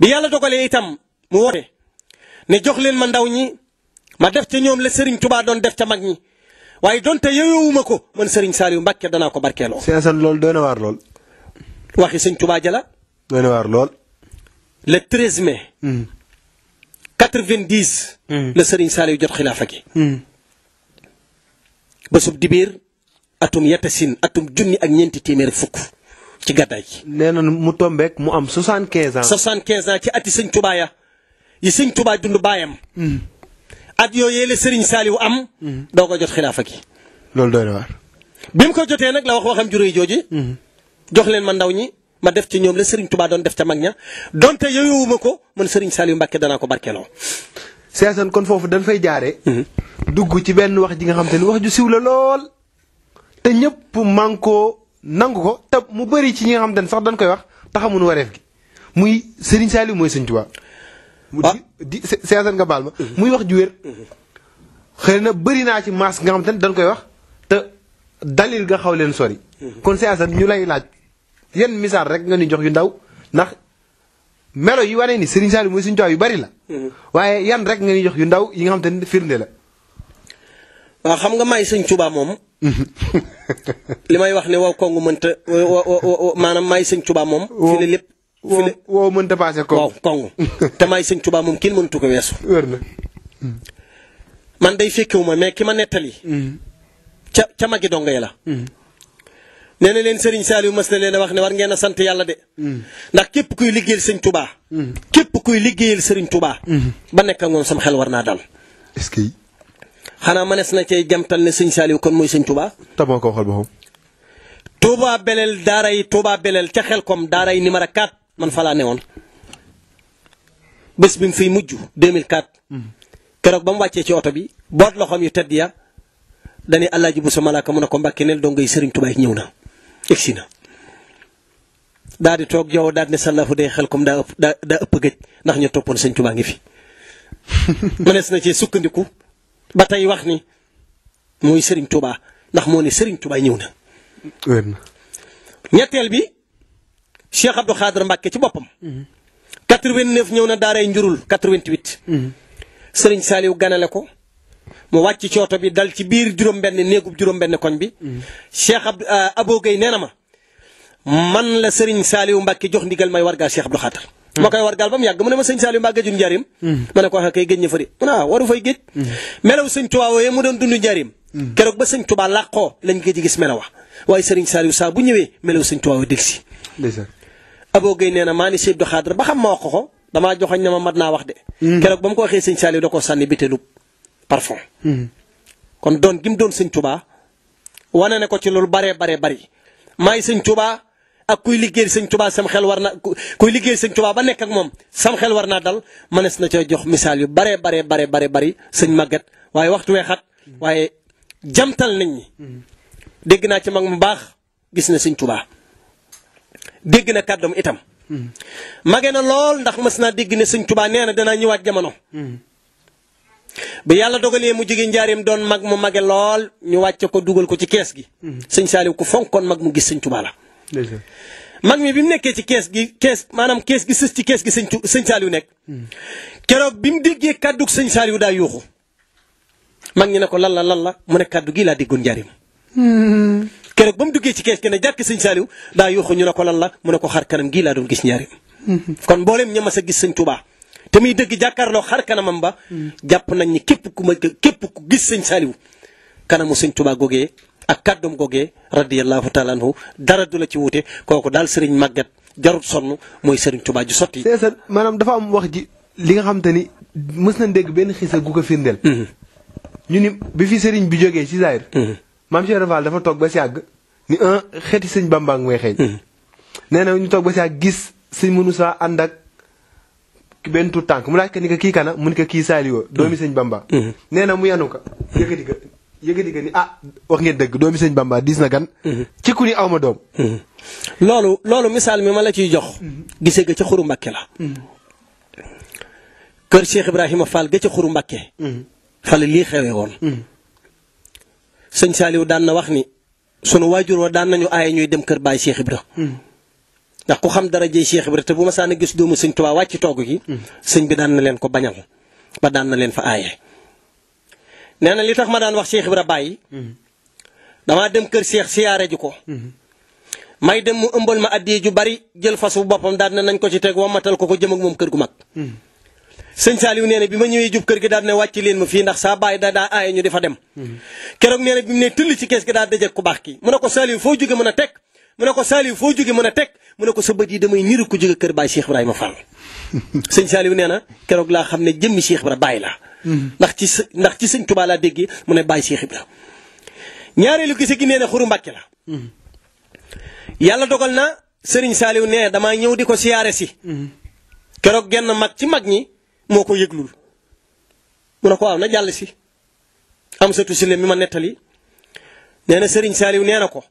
bi yàlla dogalee itam mu woote ne jox leen ma ndaw ñi ma def ca ñoom la Serigne Touba doon def ca mag ñi waaye donte yeyowuma ko man Serigne Saliou Mbacke danaa ko barkeeloo. sëñ Assane loolu lool na waar lool. waxi sëñ Touba jala. doy na waar lool. le 13 mai. 90. Hmm. Hmm. la Serigne Saliou jot xilaafa gi. Hmm. bésub dibiir atum yatasin atum junni ak ñeenti téeméer fukk. ci gàddaay gi. nee na mu tombeek mu am 75 ans. 75 ans ci ati sëñ Tuubaa ya yi sëñ Tuubaa dund baayam. Mm. at yooyu la Serigne Saliou am. Mm. doo ko jot xilaafa gi. loolu doy na waar. bi mu ko jotee nag la wax waxam juróomi jooju. Mm. jox leen ma ndaw ñi ma def ci ñoom la Serigne Touba doon def ca mag ña donte yooyowuma ko man Serigne Saliou Mbacke danaa ko barkeeloo. Seesan kon foofu dañ fay jaaree. Mm-hmm. dugg ci benn wax ji nga xam te ni wax ju siw la lool. te ñëpp nangu ko te mu bëri ci ñi nga xam ne sax dañ koy wax taxamuñu wareef gi muy Serigne Saliou mooy Serigne waa ah di seesan nga baal ma. Mhm. muy wax ju wér. Mhm. xëy na bëri naa ci maas nga xam te ne dañ koy wax te dalil nga xaw leen sori. Mhm. kon seesan ñu lay laaj yan misaal rek nga ñu jox yu ndaw ndax melo yi wane ni Serigne Saliou mooy Serigne Touba yu bari la. waaye yan rek nga ñuy jox yu ndaw yi nga xam te ne firnde la. waaw xam nga may sëñ Tuubaa moom. li may wax ne waaw kongu mënta maanaam may sëñ Tuubaa moom. fi la lépp fi la woo mënta waaw kongu te may sëñ Tuubaa moom kenn mënatu ko weesu. wér na. man ma mais ki ma nettali. Mm. ca ca magi donga la. Mm. nee na leen Serigne Saliou mas na leen a wax ne war ngeen a sant yàlla de. Mm. ndax képp kuy liggéeyal sëñ Touba. képp kuy liggéeyal Serigne tubaa ba nekk ak moom sama xel war naa dal. xanaa mënees na cee jamtal ne sëñ Saliou kon mooy sëñ Touba. taboo ko waxal boppam. Touba Belel daaray Touba Belel ca Xelkom daaray numéro 4 man fa ne newoon bés bi mu fiy mujj 2004. keroog ba mu wàccee ci oto bi boot loxoom yu tëdd ya dañuy Alaaji bu sa malaaka mu ne ko mbàkki neel dongay Serigne Touba ñëw na egsi na. daal di toog yow daal di ne sàllaafu day Xelkom daa ëpp daa ëpp gëj ndax ñu toppoon sëñ Touba ngi fi. mënees na cee sukkandiku. ba tey wax ni mooy Serigne Touba ndax moo ne Serigne Touba ñëw na. ñetteel bi Cheikh Abdou Khader Mbacke ci boppam. 89 na daaray njurul 88. Serigne Saliou ganale ko mu wàcc ci oto bi dal ci biir juróom-benn néegub juróom-benn koñ bi. Cheikh Abdou euh, Abo Gueye nee na ma man la Serigne Saliou Mbacke jox ndigal may wargaa Cheikh Abdou Khader. ma koy war gaal ba mu yàgg mu ne ma sëñ Saliou mbaa géejul njaarim hmm. ma ne ko waxee ah, kay géej ña fa di mu ah, waru fay géej hmm. melaw sëñ Tuubaa doon dund njaarim hmm. keroog ba sëñ Tuubaa làqoo lañ géej gis melaw wa waaye sëriñ Saliou saa bu ñëwee melaw sëñ Tuubaa wa dégg si Abo nee na maa ni Cheikh Abdou Khadre ba xam ma wax ko damaa joxoñ ne ma mat naa wax de keroog ba mu ko waxee sëñ Saliou da koo sànni bitéelub parfum kon doon gi doon sëñ Tuubaa wane ne ko ci loolu bare baree bari maay sëñ Tuubaa ak kuy liggéey sëñ Tuubaa sam xel war na kuy liggéey sëñ Tuubaa ba nekk ak moom sam xel war naa dal mënees na ca jox missaal yu bare bare bare bare bari sëñ màggat waaye waxtu wee xat waaye jamtal nañ ñi dégg naa ci mag mu baax gis na sëñ Tuubaa dégg na kàddoom itam mage na lool ndax mës naa dégg ne sëñ Tuubaa nee na danaa ñëwaat jamono ba yàlla dogalee mu jóge njaareem doon mag mu mage lool ñu wàcce ko dugal ko ci kees gi sëñ Saaliw ku fonkoon mag mu gis sëñ Tuubaa la mag mi bi mu nekkee ci kees gi kees maanaam kees gi sës ci kees gi sëñ sëñ Saliou nekk. keroog bi mu déggee kàddug sëñ Saliou daa yuuxu. mag ñi ne ko lan la lan la mu ne kàddu gii laa déggoon njariñ. keroog ba mu duggee ci kees gi ne jàkk sëñ Saliou daa yuuxu ñu ne ko lan la mu ne ko xar kanam gii laa doon gis njariñ. kon mboolem ña mas a gis sëñ ba te muy dëgg jàkkaarloo xar kanamam ba. jàpp nañ ni képp ku ma képp ku gis sëñ Saliou kanamu sëñ Touba googee ak kàddum googee radiyallahu taala dara du la ci wuute kooku daal sëriñ màggat jarut sonn mooy sëriñ Tuubaa ju sotti. maanaam dafa am wax ji li nga xam ni mës nañ dégg benn xisa ko firndeel. Mhm. ñu ni bi fi sëriñ bi jógee ci Zahir. Mhm. maam Cheikh dafa toog ba si àgg ni un ah, xeeti sëñ Bamba mooy xeeñ. Mhm. nee na ñu toog ba si àgg gis sëñ Moussa ànd ak benn tuut tànk mu laaj ko ni ko kii kana mu ni ko kii Saliou doomi sëñ Bamba. nee mu yanu yëgadi nga ni a ah, wax ngeen dëgg doomi sëñ Bamba diis na gan. Mhm. ci ku ni aw ma doom. Mhm. loolu loolu misaal mi ma la ciy jox. Mhm. gisee ga ci xuru Mbàkke la. kër Cheikh Ibrahima Fall ga ca xuru Mbàkke. fa lii xewee woon. sëñ Saliou daan na wax ni sunu waajur wa daan nañu aaye ñuy dem kër baay Cheikh Ibra. ndax ku xam dara jëy Cheikh Ibra te bu ma saan gis doomu sëñ Tuubaa wàcc toog gi. sëñ bi daan na leen ko bañal ba daan na leen fa aaye. nee na li tax ma daan wax Cheikh Ibra Baye mhm. damaa dem kër Cheikh siyaare ji ko. Mhm. may dem mu ëmbal ma addiya ju bari jël fas bu boppam daal ne nañ ko ci teg wammatal ko ko jëm ak moom kër gu mag. Mhm. sëñ Saliou nee na bi ma ñëwee jub kër gi daal ne wàcci leen ma fii ndax saa bàyyi da daa aaye ñu di dem. keroog nee na bi mu ne tëll ci kees gi daal dajeg ku baax ki mu ne ko Saliou foo jóge mën a teg. mu ne ko Saliou foo jóge mën a teg mu ne ko sa bët yi damay niru ko jóge kër Baye Cheikh ma Fall sëñ Saliou nee na keroog laa xam ne jëmmi Cheikh Ibrahima Baye la mhm. ndax ci sa ndax ci sëñ laa déggee mu ne Baye Cheikh Ibrahima ñaareelu gise gi nee ne xuru mbàkki la mhm. yàlla dogal na sëriñ Saliou nee damaa ñëw di ko siyaare si mhm. keroog genn mag ci mag ñi moo ko yëglul mu ne ko am na jàll si am satu si ne mi ma nettali nee na sëriñ Saliou nee na ko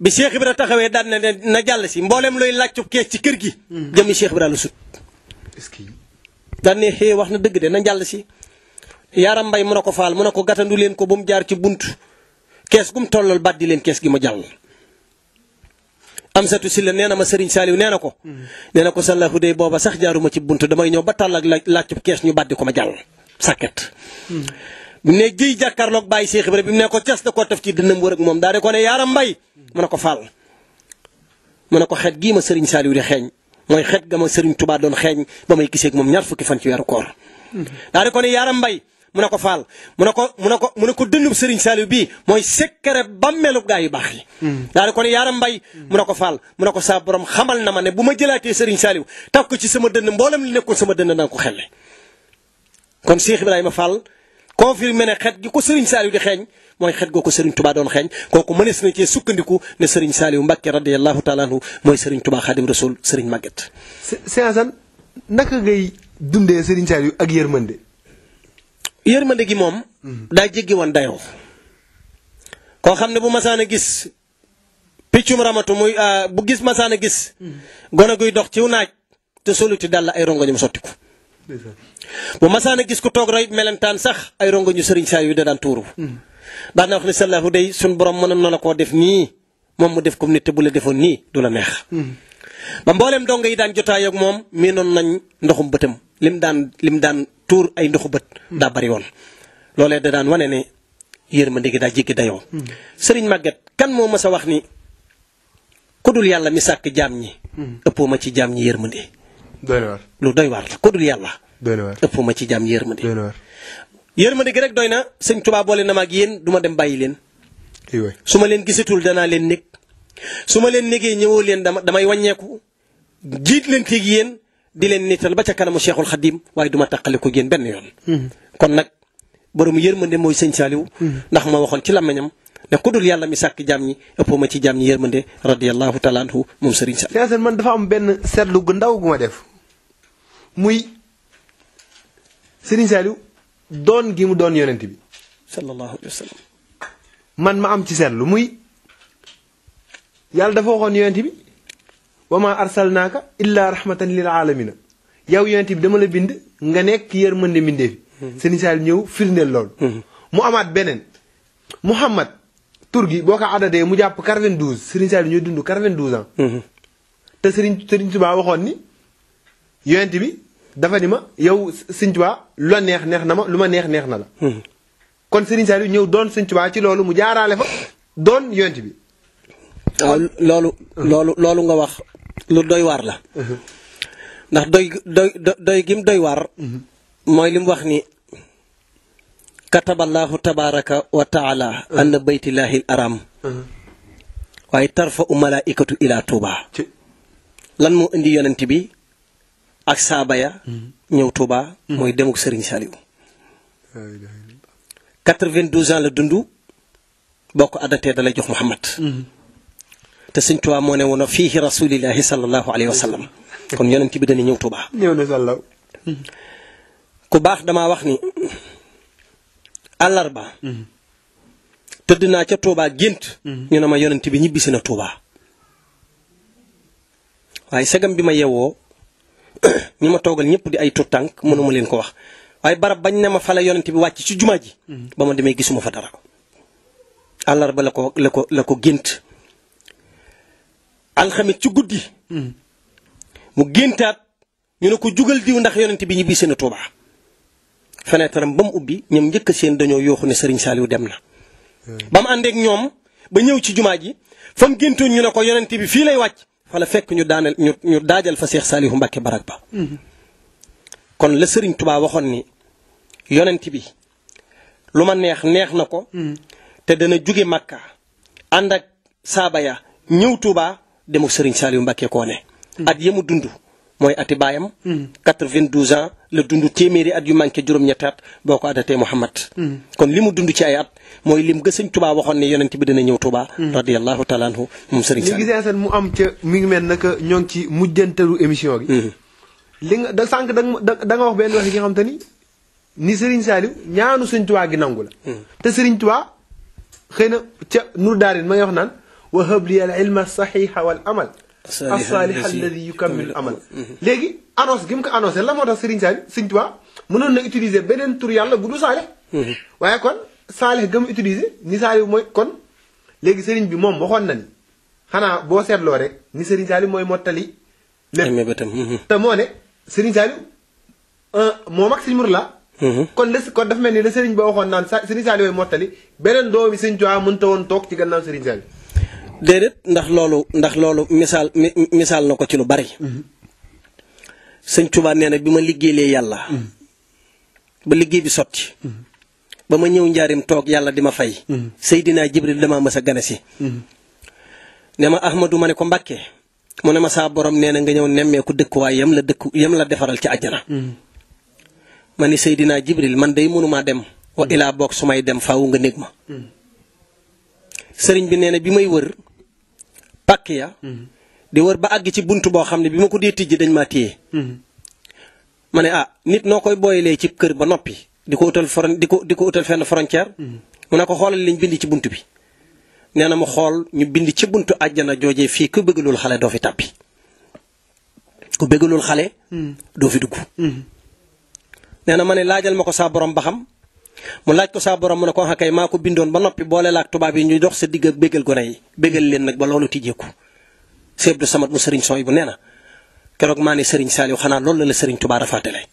bi Cheikh Ibra taxawee daan na de na jàll si mboolem looy làccu kees ci kër gi. Hmm. jëmmi Cheikh Ibra la sut. daan ne xëy wax na dëgg de na jàll si. yaaram mbay mu ne ko faal mu ne ko gàttandu leen ko ba mu jaar ci bunt kees gum tollal baat leen kees gi ma jàll. amsatu si la nee na ma Serigne Saliou nee na ko. Hmm. nee na ko sallahu dey booba sax jaaruma ci bunt damay ñëw ba tàllak ak laajub kees ñu baat ko ma jàll. sàkket. Hmm. نجي جاكارلوك باي سيخبر بيم نكو تشاس دكو تفكير دنم ورق موم داري كوني يارم باي منكو فال منكو خدجي ما سرين سالي وري خين موي خدجي ما سرين توبا دون خين بما يكيسيك موم نعرفو كيفان كيو يارو كور داري كوني يارم باي منكو فال منكو منكو منكو دنم سرين سالي بي موي سكر بامملوك غاي باخي داري كوني يارم باي منكو فال منكو سابرم خمال نماني بما جلاتي سرين سالي تاكو چي سمدن بولم لنكو سمدن نانكو خلي كون سيخ بلاي مفال confirmé ne xet gi ko Serigne Saliou di xeeñ mooy xet goo ko Serigne Touba doon xeeñ kooku mënees na cee sukkandiku ne Serigne Saliou Mbacke radiyallahu taala anhu mooy Serigne Touba Khadim Rasoul Serigne Maguette. Cheikh Assane naka ngay dundee Serigne Saliou ak yërmande. yërmande gi moom. daa jéggi woon dayoo. koo xam ne bu masaan a gis piccum ramatu muy ah, bu gis masaan a gis. Mm-hmm. gone guy dox ciw naaj te soluti dal la ay rongoñam sotti bu masaana gis ku tok roy melentan sax ay rongo ñu serigne sayu da dan touru hmm. da na wax ni sallahu day sun borom mënoon na la koo def ni mom mu def comme nit te bu la defon ni dula neex hmm. ba mbollem yi dan jotay ak mi non nañ ndoxum beutem lim dan lim dan tour ay ndoxu beut hmm. da bari won lolé da daan ndigi da dayo serigne kan mo mas a wax ni kudul yalla mi sak jamni ñi ëppoo ma ci jaam doy war lu doy war kudul yalla doy na ëpp ma ci jàmm yërmande. doy na waar yërmande gi rek doy na sëñ Tuubaa boole na ma ak yéen du dem bàyyi leen. su ma leen gisatul danaa leen nekk su ma leen négee ñëwoo leen dama damay wàññeeku jiit leen teeg yéen di leen niital ba ca kanamu Cheikhul Khadim waaye duma ma taqale ko yéen benn yoon. Mm-hmm. kon nag borom yërmande mooy sëñ Saliou. Mm-hmm. ndax ma waxoon ci làmmiñam ne ku dul yàlla mi sàkk jaam ñi ëppoo ma ci jaam ñi yërmande radiyallahu taala anhu moom Serigne Saliou. man dafa am benn seetlu gu ndaw gu ma def Serigne Saliou doon gi mu doon yonent bi sallallahu man ma am ci lu muy yàlla dafa waxoon yonent bi wa ma arsalnaaka illa rahmatan lil alamina yow yonent bi dama la bind nga nekk yërmande mbindeef hmm. Serigne Saliou ñëw firndeel loolu hmm. mu amaat beneen Muhammad tur gi boo ko addadee mu jàpp 92 Serigne Saliou ñooy dund 92 ans hmm. te sëriñ Serigne Touba waxoon ni yonent bi dafa ni ma yow Sëñ Tuubaa lu la neex neex na ma lu ma neex neex na la. Hmm. kon Serigne Saliou ñëw doon Sëñ Tuubaa ci loolu mu jaaraale fa doon yonent bi. loolu. nga wax lu doy waar la. Uh-huh. ndax doy doy doy gim doy waar. Uh-huh. mooy li wax ni. kataballaahu tabaaraka wa taala uh-huh. anna baytillaahi araam waaye tarfa u malaikatu ila tuuba lan moo indi yonent bi ak saaba ya ñëw mooy demuk Serigne Saliou. 92 la dund boo ko addatee lay jox Muhammad. te Sëñ Tuubaa moo ne woon fiihi rasulillahi sallallahu alayhi wa kon yonent bi dañuy ñëw Touba. ñëw na sallaw. ku baax damaa wax ni àllarba. tëdd naa ca Touba gént. ñu ne ma yonent bi ñibbisi na Touba. waaye sagam bi ma yeewoo. ñu ma toogal ñëpp di ay tuttànk mënuma leen ko wax waaye barab bañ ne ma fa la yonent bi wàcc ci jumaa ji. ba ma demee gisuma fa dara. àllarba la ko la ko la ko gént. alxamis ci guddi. mu géntaat ñu ne ko jugal diw ndax yonent bi ñibbi seen Tuuba. fenêtre am ba mu ubbi ñoom njëkk seen dañoo yooxu ne sëriñ Saliou dem na. Hmm. ba mu àndeek ñoom ba ñëw ci jumaa ji fa mu géntoon ñu ne ko yonent bi fii lay wàcc. fala fekk ñu daaneel ñu daajal fa Seex Saalihu Mbàkke barak ba mm-hmm. kon la Sëriñ Tubaa waxoon ni yonent bi lu ma neex neex na ko mm-hmm. te dana jóge Makka ànd ak saaba ya ñëw Tuubaa demu Sëriñ Saalihu Mbàkke koo ne mm-hmm. at yemu dund mooy ati baayam. 92 hmm. an la dund téeméeri at yu manqué juróom-ñetti at boo ko adatee Muhammad. Hmm. kon li mu dund ci ay at mooy lim nga sëñ Touba waxoon ne yonent bi dana ñëw Touba. Hmm. radiyallahu taala anhu moom sëriñ Sane. li gisee seen mu am ñoo ngi ci mujjantalu émission bi. li nga da sànq da da nga wax benn wax yi nga xam te ni ni Serigne Saliou ñaanu sëñ Touba gi nangu la. te Serigne Touba xëy na ca Nour Daarin ma ngi wax naan. wa habli al ilma saxiixa wa amal. asaalih alladi yukammil amal mm-hmm. Mm-hmm. léegi annonce gi mu ko annoncé la moo tax Serigne Saliou Serigne Touba mënoon na utiliser beneen tur yàlla bu du saalih mm-hmm. waaye kon saalih ga mu utiliser ni saalih mooy kon léegi Serigne bi moom waxoon na xanaa boo seetloo rek ni Serigne Saliou mooy mottali lépp te moo ne Serigne Saliou euh, moom ak Serigne Mourala la kon dafa waxoon naan Serigne Saliou mooy mottali beneen doomi Serigne Touba mënta woon toog ci gannaaw Serigne Saliou déedéet ndax loolu ndax loolu misaal misaal na ko ci lu bari. sëñ Tuubaa nee na bi ma liggéeyee yàlla. ba liggéey bi sotti. ba ma ñëw njaarim toog yàlla di ma fay. Seydina Jibril damaa mës a gane si. ne ma Ahmadu ma ne ko Mbàkke mu ne ma saa borom nee na nga ñëw nemmeeku dëkkuwaay yam la dëkk yam la defaral ci àjjana. ma ne Seydina Jibril man day mënumaa dem. wa ilaa boog su may dem faw nga néeg ma. sëriñ bi nee bi may wër. pàkk ya di wër ba àgg ci bunt boo xam ne bi ma ko dee tijji dañ maa téye ma ne ah nit noo koy booyalee ci kër ba noppi di ko utal foron di ko di ko utal fenn frontière mu ne ko xoolal liñ bind ci bunt bi nee na mu xool ñu bind ci bunt àjjana joojee fii ku bëggalul xale doo fi tàbbi ku bëggalul xale hmm. doo fi dugg hmm. nee na ma ne laajal ma ko saa borom ba xam mu laaj ko saa borom mu ne ko wax ah, kay maa ko bindoon ba noppi boole laak tubaab yi ñuy dox sa digg bégal gone yi bégal leen nag ba loolu tijjeeku Cheikh Abdou Samad mu Serigne Soy bu nee na keroog maa ne sëriñ Saliou xanaa loolu la la Serigne Touba rafaatale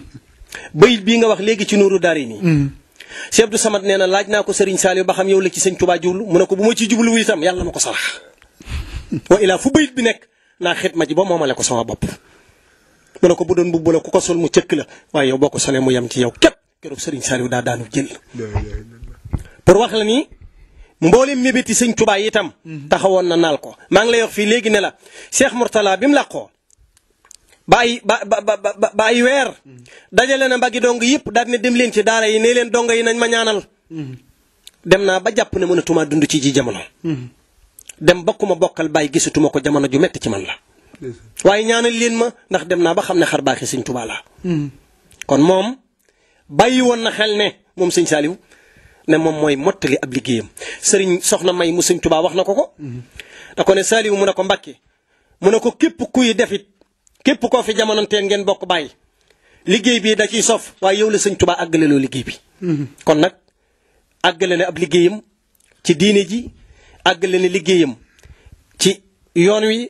bayit bii nga wax léegi ci nuuru daari nii. Cheikh mm. Abdou Samad nee laaj naa ko sëriñ Saliou ba xam yow la ci sëñ tubaa jublu mu ne ko bu ma ci jublu tam yàlla ma ko sarax wa ilaa fu bayit bi nekk naa xitma ji ba moomale ko sama bopp. mu doon bu ko sol mu cëkk la waaye yow boo ko solee mu yem ci yow keroog Serigne Saliou daa daanu jël. pour wax la ni mboolem mébéti sëñ tubaay itam. Mhm. taxawoon na naal ko maa ngi lay wax fii léegi ne la Cheikh Mourtala bi mu làqoo ba ba ba ba weer mhm. dajale na mbagi dong yëpp daal ne dem leen ci daara yi ne leen dong yi nañ ma ñaanal. Mhm. dem naa ba jàpp ne mënatuma dund ci ji jamono. dem ba ku ma bokkal bàyyi gisatuma ko jamono ju metti ci man la. waaye ñaanal leen ma ndax dem naa ba xam ne xar baax sëñ Tuubaa la kon moom bàyyi woon na xel ne moom sëñ saaliw ne moom mooy mottali ab liggéeyam sëriñ soxna May mu sëñ Tuubaa wax na ko ko. da ko ne Saliou mu ne ko Mbàkke mu ne ko képp kuy defit képp koo fi jamonanteel ngeen bokk bàyyi liggéey bi da ciy sof waaye yow la sëñ Tuubaa àggale loo liggéey bi. kon nag àggale na ab liggéeyam ci diine ji àggale na liggéeyam ci yoon wi.